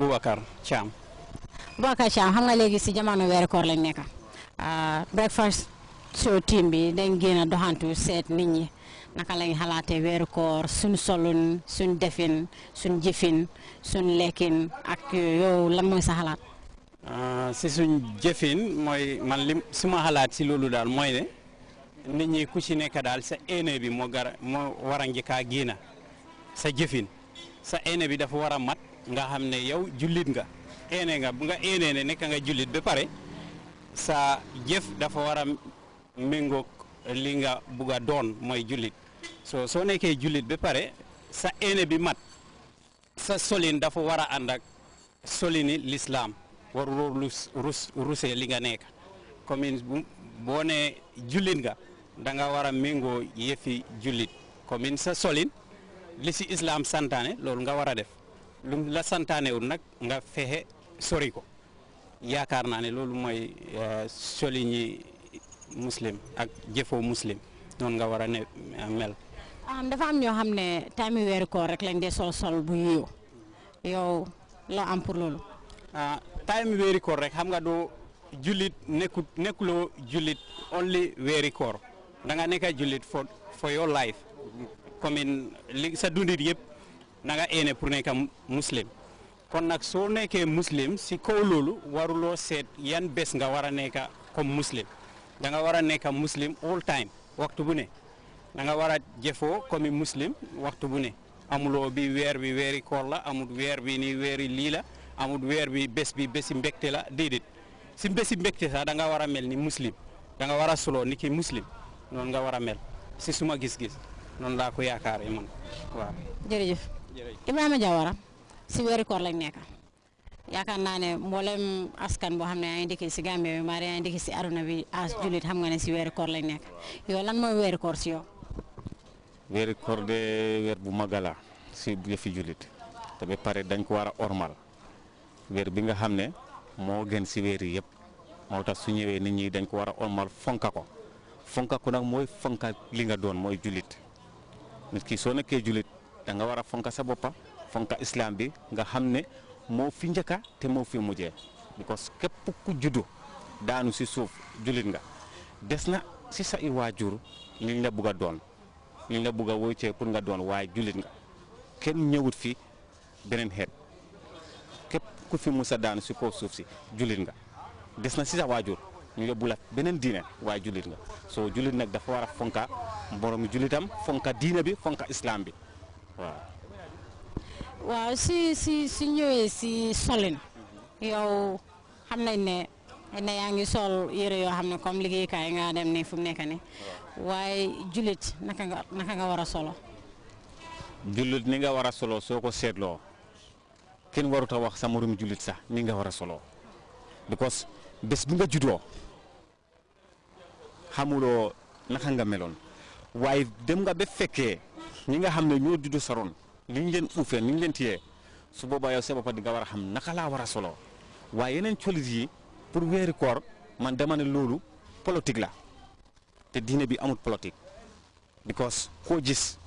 Boubacar Cham Boubacar Cham xam nga si jamono wéré koor lañ nekk ah, breakfast so team bi dañ gëna doxantu set nit ñi naka lañ halaté wéré koor suñ solun suñ defin suñ jëfin suñ lekin ak yow lan moy sa xalaat. Ah, si suñ jëfin moy man lim suma halaat si lolu dal moy né nit ñi ku ci nekk dal sa éene bi mo gar mo wara ngi ka gëna sa jëfin sa éene bi dafa wara mat nga xamne yow julit nga ene nga bu nga ene ne nek nga julit be pare sa jeff dafa wara mengok lingga li nga bugg a so soo nekkee julid be pare sa ene bi mat sa solin dafa wara andak solini l'islam war rus rus rusé li nga nek comme bu julit nga da nga wara mengo yefi julit comme sa solin li islam santane lolou nga wara def lum la wul nak nga fexé sori ko yaakar na né loolu moy ya, soli muslim ak jëfo muslim non nga wara né eh, mel am dafa am ño xamné tammi taami ko rek lañ dé sol sol bu yiw yow lo am pour loolu. ah tammi weeri ko rek xam nga do julit nekut nekkuloo julit only weeri ko da nga nekk julit for for your life comme in li sa dundit yépp na nga eene pour nekk muslim kon nag soo nekkee muslim si kaw waruloo seet yan bés nga war a nekk comme muslim da nga war a nekk muslim all time waxtu bu ne da nga war a jëfoo comme muslim waxtu bu ne amuloo bi weer bi weeri koor la amul weer bi nii weeri lii la amul weer bi bés bi bési mbégte la déedéet si bési mbégte sax da nga war a mel ni muslim da nga war a suloo ni ki muslim noonu nga war a mel si suma gis-gis noonu laa ko yaakaaree man waaw Ibrahima Diawara si weeri koor lañ nekk yaakaar naa ne mboolem askan boo xam ne yaa ngi dëkk si Gambie bi mbaa yaa ngi si aduna bi as jullit xam nga ne si weeri koor lañ nekk yow lan mooy weeri koor si yow. weer bu magala si yëfi jullit te ba pare dañ ko war a ormal weer bi nga xam ne moo gën si weer yi yëpp moo tax su ñëwee nit ñi dañ ko war a ormal fonka ko fonka ko nag mooy fonka li nga doon mooy julit nit ki soo nekkee jullit. da nga war a fonka sa boppa fonka islam bi nga xam ne moo fi njëkka te moo fi mujjee because képp ku juddu daanu si suuf jullit nga des na si sa i waajur liñ la bugg a doon liñ la bugg a wóccee pour nga doon waaye jullit nga kenn ñëwut fi beneen xeet képp ku fi musa daanu si kaw suuf si jullit nga des na si sa waajur ñu yóbbu la beneen diine waaye jullit nga soo jullit nag dafa war a fonka mboroomi jullitam fonka diine bi fonka islam bi waaw waaw si si si ñëwee si solin yow xam nañ ne ne yaa ngi sol yére yoo xam ne comme liggéeykaay nga dem ne fu mu nekk nii waaye jullit naka nga naka war a solo jullit ni nga war a solo soo ko seetloo kenn warut a wax sa morom jullit sax ni nga war a solo because bés bi nga juddoo xamuloo naka nga meloon waaye dem nga ba fekkee ñi nga xamne ñoo judd saron ron li ñu leen uufee ni ñu leen tiyee su boobaa yow sa bopa di nga xam naka la wara solo waye yeneen yi pour wéri koor man dama né lolu politique la te diiné bi amul politique because ko gis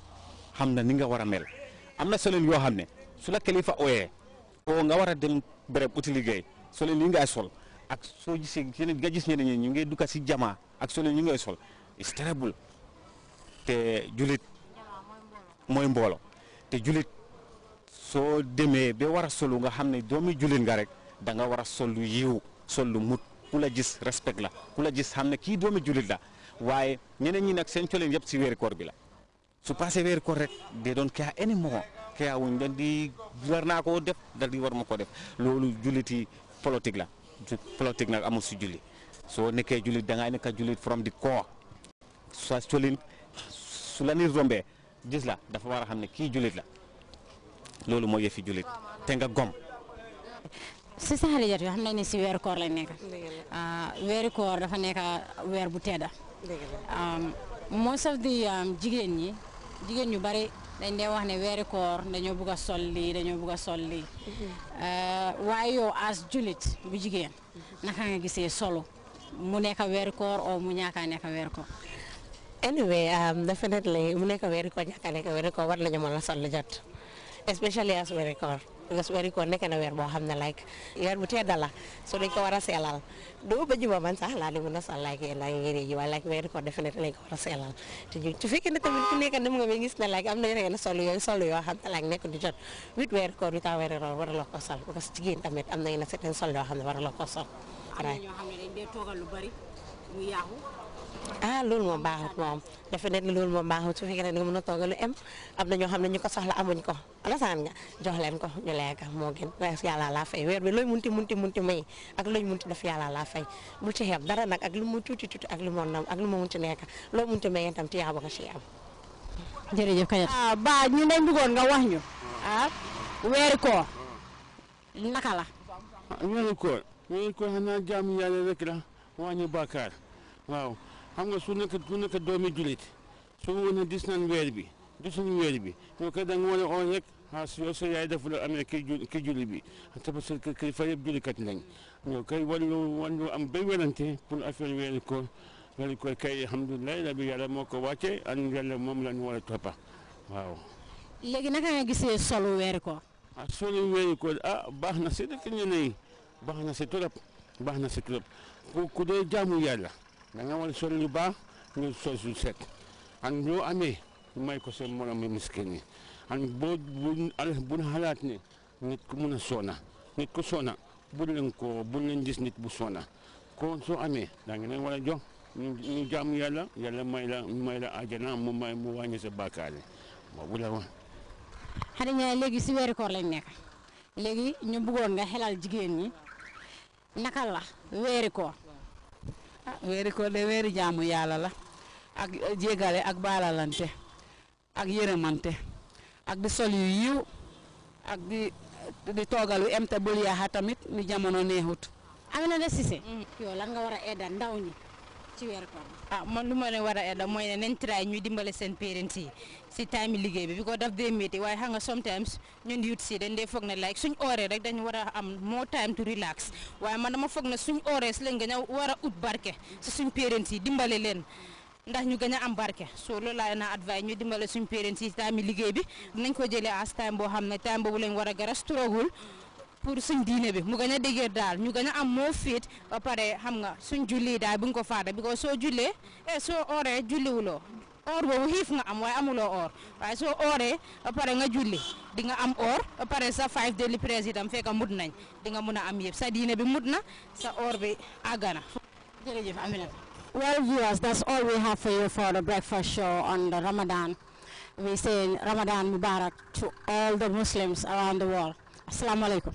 xamna ni nga wara mel amna solen yo xamne su la kilifa ooyee o nga wara a dem béréb uti liggéey solin yi nga sol ak so ñene nga gis ñene ñu si jama ak solin yi ngay sol it's terrible te julit mooy mboolo te julit soo demee ba war a solu nga xam ne doomi julit nga rek danga nga war a sol lu yiw sol lu mut ku la jis respect la ku la gis xam ne kii doomi julit la waaye ñeneen ñi nag seen coleen yëpp si weeri koor bi la su passé weeri koor rek dee doon kaa ene moo kaa wuñ dan di war naa koo def dal di war ma koo def loolu juliti politique la politique nag amul si juli soo nekkee julit da ngaa nekk julit from di koor sa colin su la nit rombee gis la dafa war a xam ne kii jullit la loolu mooy yëfi jullit te nga gom si sa xam nañ ne si weeru koor lañ nekk ah, weeru koor dafa nekk weer bu tedda moo saf di jigéen ñi jigéen ñu bari dañ dee wax ne weeri dañoo bugg a sol lii dañoo bugg a sol lii mm-hmm. uh, waaye yow as jullit bu jigéen naka nga gisee solo mu nekk weeri oo mu ñaaka nekk weeri koor anyway um, definitely mu nekk weeri koor a nekk weeri war nañu mën a sol lu especially as weeri because weeri nekk na weer boo xam ne like weer bu tedd la so dañ war a seelal du ba man sax laa di mën sol like yéen a ngi ji like weeri definitely lañ ko war a seelal te ñu su fekkee ne tamit ku nekk nga ba gis ne like am na sol yooyu sol yoo xam ne like nekk du jot wit weeri koor wita weeri koor waraloo ko sol ko sol. am na mu yàqu. ah loolu moom baaxut moom dafa nekk loolu moom baaxut su fekkee ne mun na a toogal lu em am ñoo xam ne ñu ko soxla amuñ ko alasaan nga jox leen ko ñu lekk moo gën ndax yàlla laa fay weer bi looy munti munti munti may ak looy munti def yàlla laa fay bul ci xeeb dara nag ak lu mu tuuti tuuti ak lu mu nam ak lu mu munti nekk loo munti may itam ci yaaba ko ci am. jërëjëf ka ah baa ñu ne bëggoon nga wax ñu ah weeri koor na la. Ah, weeri koor weeri koor xanaa jaamu yàlla rek la. wàññi bàkkaar waaw xam nga su nekk su nekk doomi julit su wane dis nan weer bi gisuñu weer bi moo ko da nga war a oon rek ah si yow sa yaay def la amee ki ju ki julli bi te parce que kii fa yëpp jullikat lañ ñoo koy wàllu wàllu am bay werante pour affaire weeru koor ko koor kay alhamdulilah la bi yàlla moo ko wàcce an yàlla moom lañ war a toppa waaw. léegi naka nga gisee solu weeru koor. ah solu weeru koor ah baax na si dëkk ñu ne baax na si trop. baax na si ku ku dee jaamu yàlla da nga war a sol lu baax ñu sol su set ak loo amee may ko seen moromu miskin yi ak boo bu bu xalaat ne nit ku mun a soona nit ku soona bu leen ko bu leen gis nit bu soona kon soo amee daa ngi leen war a jox ñu jaamu yàlla yàlla may la may la àjjana mu may mu wàññi sa bàkkaar yi boobu la woon. xanaa léegi si weeru koor lañ nekk léegi ñu bëggoon nga xelal jigéen ñi. naka la weeri koor ah weeri koor de weeri jaamu yàlla la ak eh, jégale ak baalalante ak yërëmante ak di sol yu yiw ak di eh, di toogalu em te bul yaaxa tamit ni jamono neexut Amina de Cissé mm. yow lan nga war a edda ndaw ñi ci weeru ah man lu ma leen war a edda mooy ne nañ try ñuy dimbale seen parents yi si time liggéey bi bi ko daf dee métti waaye xam nga sometimes ñun youth si dañ dee foog na like suñ ooree rek dañ war a am moo time to relax waaye man dama foog na suñ ooree si lañ gën a war a ut barke si suñ parents yi dimbale leen ndax ñu gën a am barke soo loolu laa na advice ñu dimbale suñ parents yi time liggéey bi nañ ko jëlee as time boo xam ne time boobu lañ war a gara struggle pour suñ diiné bi mu gëna a dal ñu gëna am mo fit ba pare xam nga suñ julli daal ko because so jullee so eh, soo ooree julliwuloo or bo hif nga am way amulo or way so oré ba pare nga julli di nga am or ba pare sa five daily prayers itam fekk mud nañ di nga mëna am yépp sa diiné bi mut sa or bi agana jërëjëf amina Well, viewers, that's all we have for you for the breakfast show on the Ramadan. We say Ramadan Mubarak to all the Muslims around the world. Assalamu alaikum.